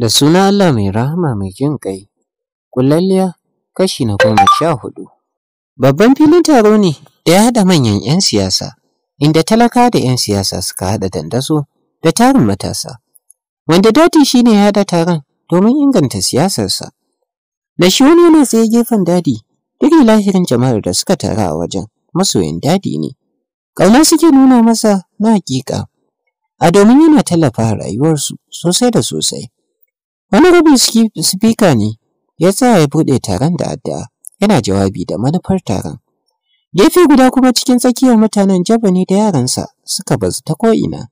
da suna Allah mai rahama mai jin ƙai ƙullalliya kashi na goma sha hudu babban filin taro ne da ya haɗa manyan 'yan siyasa inda talaka da 'yan siyasa suka haɗa dandaso da tarin matasa wanda dadi ne ya haɗa taron domin inganta siyasarsa da shi wani yana tsaye gefen dadi duk lahirin jama'ar da suka taru a wajen masoyin dadi ne ƙauna suke nuna masa na hakika a domin yana tallafa rayuwarsu sosai da sosai Wani rubin spika ne ya tsaya ya buɗe taron da addu'a yana jawabi da manufar taron. Gefe guda kuma cikin tsakiyar mutanen Jaba ne da yaransa suka bazu ta ko'ina.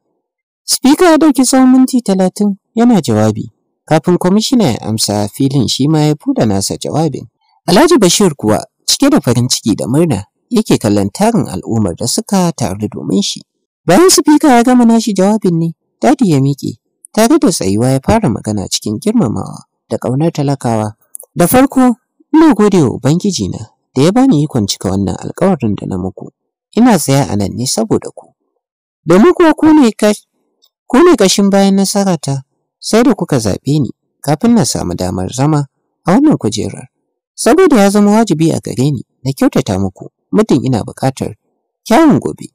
Spika ya ɗauki tsawon minti talatin yana jawabi kafin kwamishina ya amsa filin shi ma ya buɗe nasa jawabin. Alhaji Bashir kuwa cike da farin ciki da murna yake kallon tarin al'ummar da suka taru domin shi. Bayan spika ya gama nashi jawabin ne, dadi ya miƙe ta da tsayuwa ya fara magana cikin girmamawa da ƙaunar talakawa. Da farko, ina gode wa Ubangiji na da ya bani ikon cika wannan alkawarin da na muku. Ina tsaya a nan ne saboda ku. Da kuwa ku ne kashin bayan nasarata, sai da kuka zaɓe ni kafin na samu damar zama a wannan kujerar. Saboda ya zama wajibi a gare ni na kyautata muku muddin ina buƙatar kyawun gobe.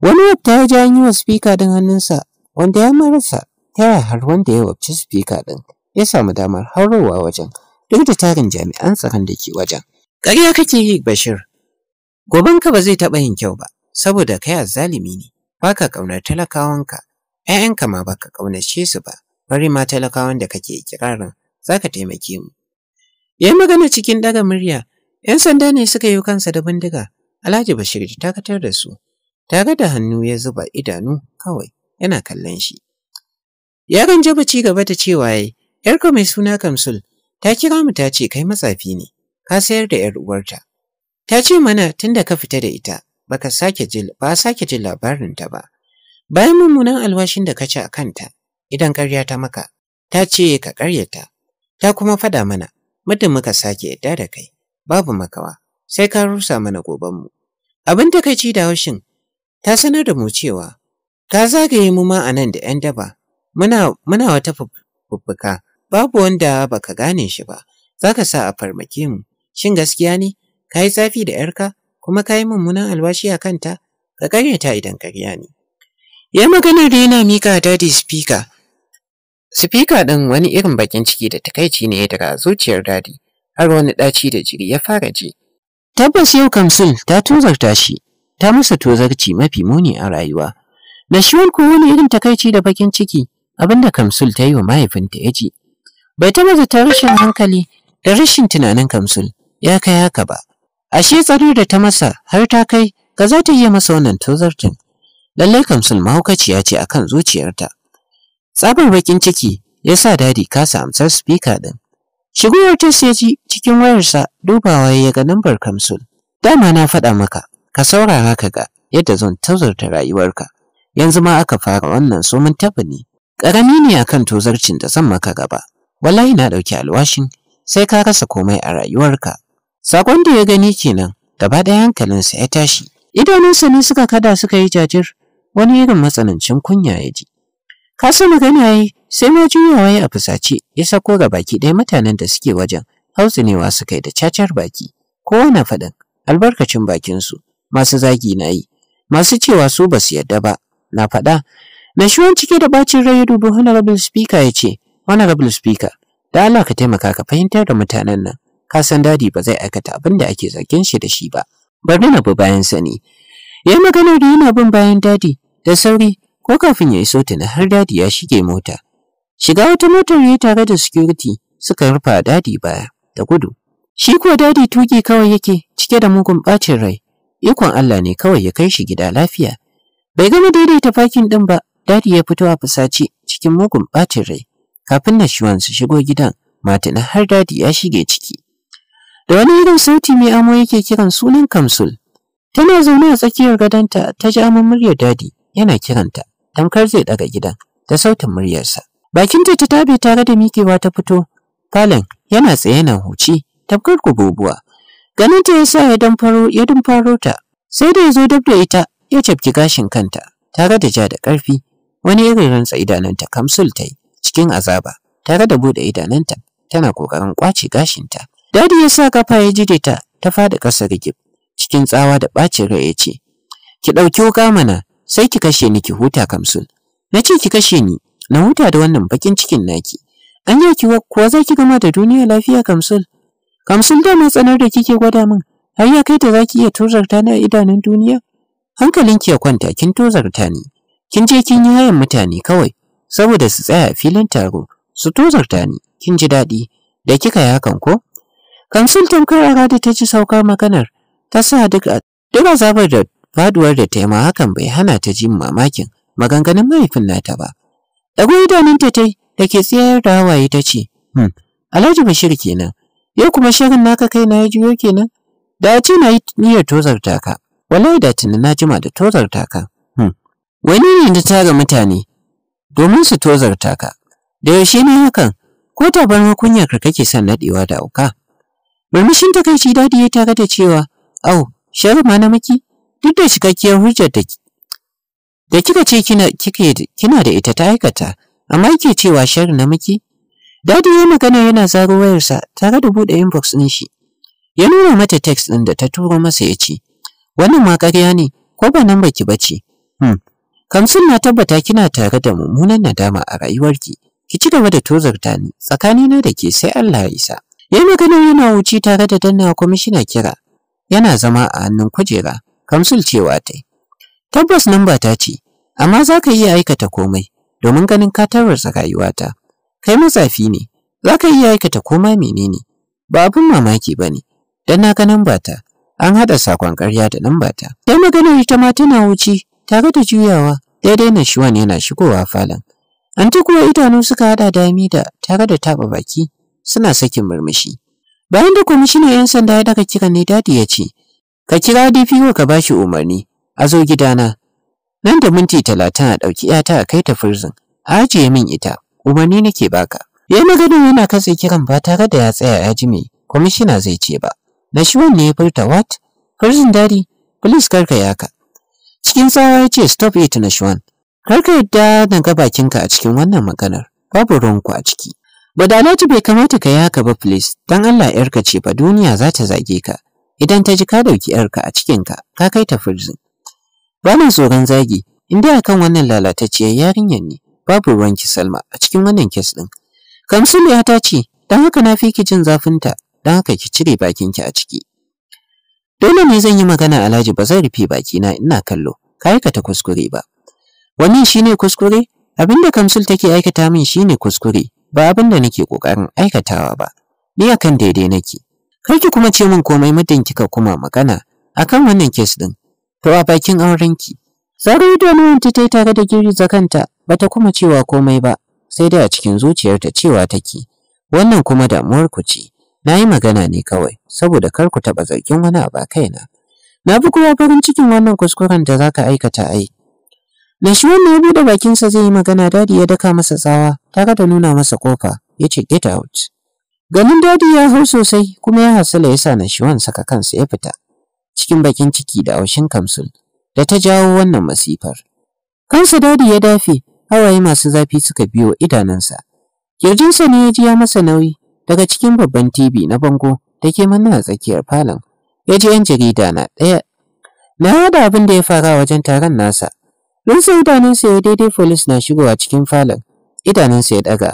Wani wata ya ja yi wa spika don hannunsa wanda ya marasa ta yaya har wanda ya wabci sifika ɗin ya samu damar haurowa wajen duk da tarin jami'an tsaron da ke wajen. Ƙarya kake yi Bashir, gobenka ba zai taɓa yin kyau ba, saboda kai zalimi ne, ba ka ƙaunar talakawanka, ‘ya'yanka ma ba ka ƙaunace su ba, bari ma talakawan da kake kirarin za ka taimake mu. Ya yi magana cikin ɗaga murya, ‘yan sanda ne suka yi kansa da bindiga, Alhaji Bashir ta dakatar da su, tare da hannu ya zuba idanu kawai yana kallon shi. Yaron Jabu ci gaba da cewa yayi, ‘yarka mai suna Kamsul ta kira mu ta ce kai matsafi ne, ka sayar da ‘yar uwarta. Ta ce mana tunda ka fita da ita, baka sake jin ba sake jin labarinta ba. Bayan mummunan alwashin da ka ci a kanta, idan ƙarya ta maka, ta ce ka ƙaryata, ta kuma faɗa mana, muddin muka sake yadda da kai, babu makawa, sai ka rusa mana mu Abin takaici da haushin, ta sanar da mu cewa, ka zagaye mu ma anan da ‘yan daba, muna, muna wata fuffuka, babu wanda baka gane shi ba, za ka sa a farmake mu, shin gaskiya ne, ka yi tsafi da ‘yarka, kuma ka yi mummunan alwashi a kanta, ka ta idan karya ni. Ya magana da yana mika dadi speaker. Speaker ɗin wani irin bakin ciki da takaici ne ya daga zuciyar dadi, har wani ɗaci da jiri ya fara ji. Tabbas yau Kamsul ta tozarta shi, ta masa tozarci mafi muni a rayuwa. Nashuwar ko wani irin takaici da bakin ciki, abinda Kamsul ta yi wa mahaifinta ya ji. Bai taɓa zata rashin hankali da rashin tunanin Kamsul ya kai haka ba. Ashe tsaro da ta masa har ta kai ka za ta iya masa wannan tozartin. Lallai Kamsul mahaukaciya ce a kan zuciyarta. Tsabar bakin ciki ya sa dadi kasa amsar spika ɗin. Shigowar ta sai ji cikin wayarsa dubawa ya ga lambar Kamsul. Dama na faɗa maka, ka saurara ka ga yadda zan tazarta rayuwarka. Yanzu ma aka fara wannan so mun ne. ƙarami ne akan tozarcin da zan maka gaba wallahi na ɗauki alwashin sai ka rasa komai a rayuwarka sakon da ya gani kenan da gaba ɗaya hankalinsa ya tashi idanunsa ne suka kada suka yi jajir wani irin matsanancin kunya ya ji ka san magana yi sai ma juyawa ya a fusace ya sako ga baki ɗaya mutanen da suke wajen hautsinewa suka yi da cacar baki kowa na faɗin albarkacin bakinsu masu zagi na yi masu cewa su ba su yarda ba na faɗa Nashuwan cike da bacin rai ya dubi Honorable Speaker ya ce, Honorable Speaker, da Allah ka taimaka ka fahimtar da mutanen nan, ka san dadi ba zai aikata abin da ake zargin shi da shi ba. Bari na bi bayan sani. Ya magana da yana bin bayan dadi da sauri ko kafin ya iso tuni har dadi ya shige mota. Shiga wata motar ya tare da security suka rufa dadi baya da gudu. Shi ko dadi tuki kawai yake cike da mugun bacin rai. Ikon Allah ne kawai ya kai shi gida lafiya. Bai gama daidaita fakin ɗin ba Dadi ya fito a fusace cikin mugun ɓacin rai. Kafin na shiwan su shigo gidan, matina har dadi ya shige ciki. Da wani irin sauti mai amo yake kiran sunan Kamsul. Tana zaune a tsakiyar gadonta ta ji amon muryar dadi yana kiranta, tamkar zai daga gidan da sautin muryarsa. Bakinta ta tabe tare da miƙewa ta fito, falon yana tsaye na huci, tamkar kububuwa. Ganinta ya sa ya damfaro ya ta, sai da ya zo dab da ita ya cafki gashin kanta tare da ja da ƙarfi wani irin rantsa idanunta kamsul ta yi cikin azaba tare da buɗe idanunta tana ƙoƙarin ƙwace gashinta dadi ya sa kafa ya jide ta ta faɗi ƙasa rigib cikin tsawa da ɓacin rai ya ce ki ɗauki wuƙa mana sai ki kashe ni ki huta kamsul na ce ki kashe ni na huta da wannan baƙin cikin naki an yi ki kuwa za ki gama da duniya lafiya kamsul kamsul dama tsanar da kike gwada min har ya kai da za ki iya tozarta ni a idanun duniya hankalinki ya kwanta kin tozarta ni kin je kin yi hayan mutane kawai saboda su tsaya a filin taro su tozarta ni kin ji daɗi da kika yi hakan ko kansultan karara da ta ci saukar maganar ta sa duk azabar da faduwar da ta yi hakan bai hana ta jin mamakin maganganun mahaifin nata ba ɗago idanunta ta da ke tsayar da hawaye ta ce hmm alhaji bashir kenan yau kuma shirin naka kai na ya juyo kenan da a ce na yi niyyar tozarta ka wallahi da tuni na jima da tozarta ka wani ne da tara mutane domin su tozarta ka da yaushe ne hakan ko tabarma kunyar ka kake son naɗewa da auka murmushin takaici dadi ya tare da cewa au shari ma na maki duk da cikakkiyar hujjar da da kika ce kina kike kina da ita ta aikata amma yake cewa shari na maki dadi ya magana yana zaro wayarsa tare da buɗe inbox ɗin shi ya nuna mata text ɗin da ta turo masa ya ce wannan ma ƙarya ne ko ba nan baki bace hmm Kamsun na tabbata kina tare da mummunan nadama a rayuwarki. Ki ci gaba da tozarta ni Tsakani na da ke sai Allah ya isa. Ya yi maganar yana wuce tare da danna kwamishina kira. Yana zama a hannun kujera. Kamsul cewa ta Tabbas nan ba ta ce, amma za ka iya aikata komai domin ganin ka tarwarsa rayuwata. Kai matsafi ne, za ka iya aikata koma menene. Ba abin mamaki ba ne, don na ga nan ba ta. An haɗa sakon ƙarya da nan ba ta. Sai maganar ita ma tana wuce tare da juyawa daidai na shiwan yana shigowa falon. An ta kuwa idanu suka haɗa da tare da taɓa baki suna sakin murmushi. Bayan da kwamishinan 'yan sanda ya daga kiran ne dadi ya ce, Ka kira DPO ka ba shi umarni, a zo gidana. Nan da minti talatin a ɗauki ‘yata a kai ta firzin, a ajiye min ita, umarni nake baka. Ya yi maganin yana katse kiran ba tare da ya tsaya ya ji me kwamishina zai ce ba. Na ne ne ya furta wat? Firzin dadi, filis karka yaka. Cikin tsawa ya ce stop it Nashwan. Kar ka yadda na ga bakinka a cikin wannan maganar. Babu ruwanku a ciki. Badalatu bai kamata ka yi haka ba please. don Allah yarka ce ba duniya za ta zage ka. Idan ta ji ka dauki yarka a cikinka, ka kai ta firzin. Ba na tsoron zagi, in dai akan wannan lalatacciyar yarinyar ne. Babu ruwanki Salma a cikin wannan kes ɗin. ya ta ce, don haka na fi ki jin zafinta, don haka ki cire bakinki a ciki. Dole ne zan yi magana Alhaji ba zan rufe bakina ina kallo, ka aikata kuskure ba. Wannan shine kuskure? Abin da Kamsul take aikata min shine kuskure, ba abin da nake kokarin aikatawa ba. Ni akan daidai nake. Kar ki kuma ce min komai muddin kika kuma magana akan wannan kes ɗin. To a bakin aurenki. Zaro idanuwan ta yi tare da girgiza kanta, bata kuma cewa komai ba, sai dai a cikin zuciyarta cewa take. Wannan kuma damuwar ku ce. Na yi magana ne kawai, saboda kar ku taɓa zargin wani abu a kaina. Na fi kuma farin cikin wannan kuskuren da za ka aikata ai. Na shi wannan ya buɗe bakinsa zai yi magana dadi ya daka masa tsawa tare da nuna masa kofa ya ce get out. Ganin dadi ya hau sosai kuma ya hasala ya sa na shi saka kansa ya fita. Cikin bakin ciki da aushin kamsul da ta jawo wannan masifar. Kansa dadi ya dafe hawaye masu zafi suka biyo idanunsa. Kirjinsa ne ya ji masa nauyi daga cikin babban TV na bango da ke mana a tsakiyar falon. Ya ji 'yan jarida na ɗaya. Na haɗa abin da ya fara wajen taron nasa. Rinsa idanunsa ya daidai folis na shigowa cikin falon. Idanunsa ya daga,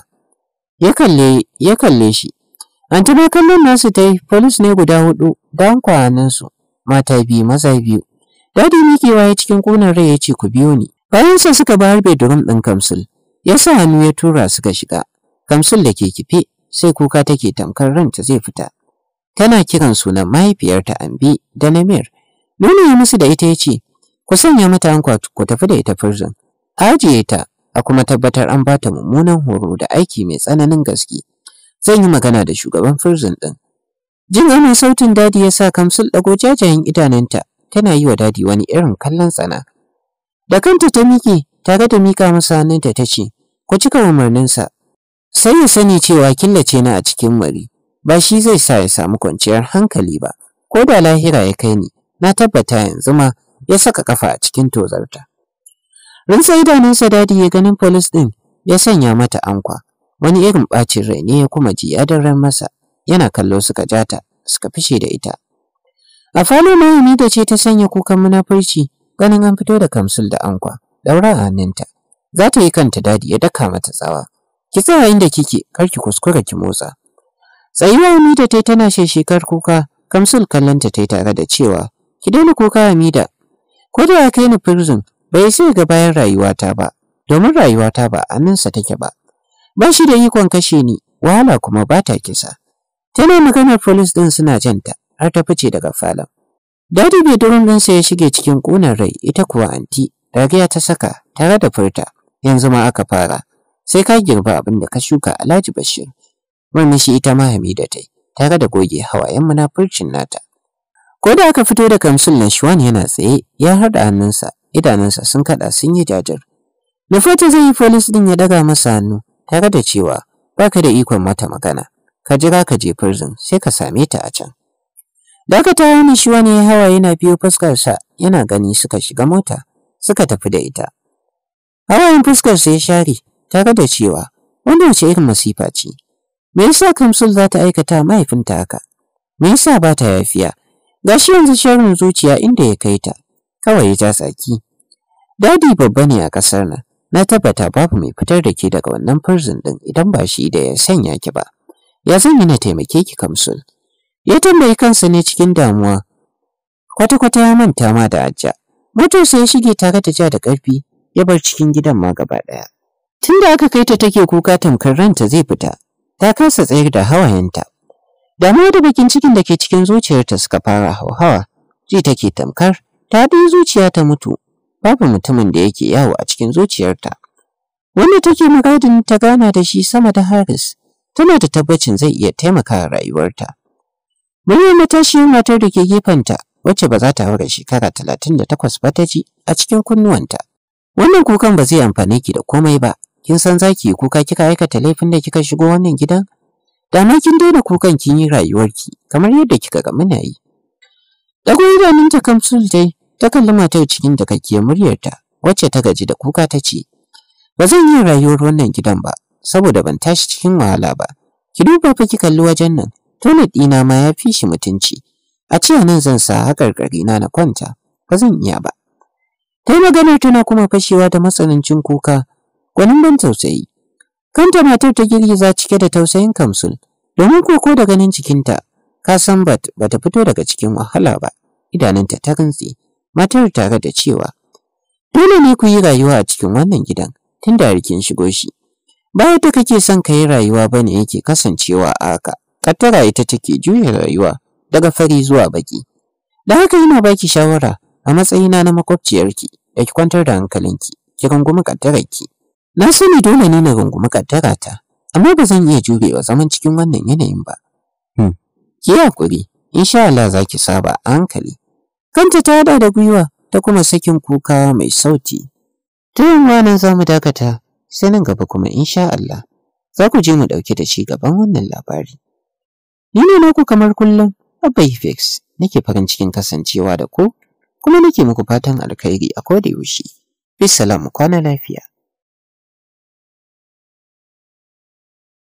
Ya kalle, shi. An ta kallon nasu ta yi folis ne guda hudu da kwaninsu. Mata biyu, maza biyu. Dadi mikewa ya cikin ƙunar rai ya ce ku biyo ni. Bayansa suka bayar bedroom ɗin Kamsul. Ya sa hannu ya tura suka shiga. Kamsul da ke kife. sai kuka take tamkar ranta zai fita. Tana kiran sunan mahaifiyarta Ambi da Namir. Nuna ya musu da ita ya ce, ku sanya mata an ku tafi da ita firzin. Ajiye ta, a kuma tabbatar an ba ta mummunan horo da aiki mai tsananin gaske. Zan yi magana da shugaban firzin ɗin. Jin ana sautin dadi ya sa kamsul ɗago jajayen idanunta tana yi wa dadi wani irin kallon tsana. Da kanta ta miƙe tare da miƙa masa hannunta ta ce, ku cika umarninsa sai ya sani cewa killace na a cikin mari ba shi zai sa ya samu kwanciyar hankali ba ko da lahira ya kai ni na tabbata yanzu ma ya saka kafa a cikin tozarta rinsa idanunsa dadi ya ganin polis ɗin ya sanya mata ankwa wani irin ɓacin rai ne ya kuma ji ya daren masa yana kallo suka jata suka fishe da ita a falo mayumi da ce ta sanya kukan munafurci ganin an fito da kamsul da ankwa daura a hannunta za ta yi kanta dadi ya daka mata tsawa ki tsaya inda kike kar ki kuskura ki motsa tsayuwa Hamida tai tana shekar kuka Kamsul kallanta tai tare da cewa ki daina kuka amida ko da kai ni prison bai sai ga bayan rayuwata ba domin rayuwata ba sa take ba ba shi da ikon kashe ni wahala kuma ba ta kisa tana maganar police din suna janta har ta fice daga falon dadi din sa ya shige cikin kunan rai ita kuwa anti ragaya ta saka tare da furta yanzu ma aka fara sai ka girba abin da ka shuka Alhaji Bashir shi ita ma Hamida ta yi tare da goge hawayen munafurcin nata ko da aka fito da kamsul na Shuwan yana tsaye ya harda hannunsa idanunsa sun kaɗa sun yi jajir fata zai yi folis din ya daga masa hannu tare da cewa baka da ikon mata magana ka jira ka je prison sai ka same ta a can dakata wani shi wani hawa yana biyo fuskarsa yana gani suka shiga mota suka tafi da ita hawayen fuskarsa ya share tare da cewa wanda wace irin masifa ce me yasa kamsul za ta aikata mahaifinta haka me yasa ba ta yafiya Ga shi yanzu sharin zuciya inda ya kai ta kawai ta tsaki dadi babba ne a ƙasar nan na tabbata babu mai fitar da ke daga wannan farzin ɗin idan ba shi da ya sanya ki ba ya zan yi na taimake ki kamsul ya tambayi kansa ne cikin damuwa kwata-kwata ya manta ma da ajja sai ya shige tare da ja da ƙarfi ya bar cikin gidan ma gaba ɗaya Tun da aka kai ta take kuka tamkar ranta zai fita, ta kasa tsayar da hawayenta. Damuwa da bakin cikin da ke cikin zuciyarta suka fara hauhawa, ji take tamkar ta ɗaya zuciya ta mutu, babu mutumin da yake yawo a cikin zuciyarta. Wanda take magadin ta gana da shi sama da Haris, tana da tabbacin zai iya taimaka rayuwarta. Muryar matashiyar matar da ke gefenta wacce ba za ta haura shekara talatin da takwas ba ta ji a cikin kunnuwanta. Wannan kukan ba zai amfane ki da komai ba, kin san zaki kuka kika aikata laifin da kika shigo wannan gidan? Da na kin daina kukan kin yi rayuwarki kamar yadda kika ga muna yi. Dago ta kamsul dai ta kalli matar cikin da kake muryarta wacce ta gaji da kuka ta ce ba zan yi rayuwar wannan gidan ba saboda ban tashi cikin wahala ba. Ki duba fa ki kalli wajen nan toilet ɗina ma ya fi shi mutunci. A ce nan zan sa haƙarƙari na na kwanta ba zan iya ba. Ta yi maganar tana kuma fashewa da matsanancin kuka gwanin ban tausayi kanta matar ta girgiza cike da tausayin kamsul domin koko da ganin cikinta ka san bat bata fito daga cikin wahala ba idanunta ta rantse matar tare da cewa dole ne ku yi rayuwa a cikin wannan gidan tun da rikin shigo shi baya ta kake son ka yi rayuwa ba ne yake kasancewa a haka kattara ita take juya rayuwa daga fari zuwa baki da haka yana baki shawara a matsayina na makwabciyarki da ki kwantar da hankalinki ki rungumi kattararki Na sani dole ne na rungumi ta amma ba zan iya jurewa zaman cikin wannan yanayin ba. Hmm. Ki hakuri, insha Allah za ki saba a hankali. Kanta ta da gwiwa ta kuma sakin kuka mai sauti. Ta yamma nan za mu dakata, sai nan gaba kuma insha Allah za ku je mu ɗauke da ci gaban wannan labari. Ni ne naku kamar kullum, Abba Fix, nake farin cikin kasancewa da ku, kuma nake muku fatan alkhairi a koda yaushe. Bisalamu kwana lafiya.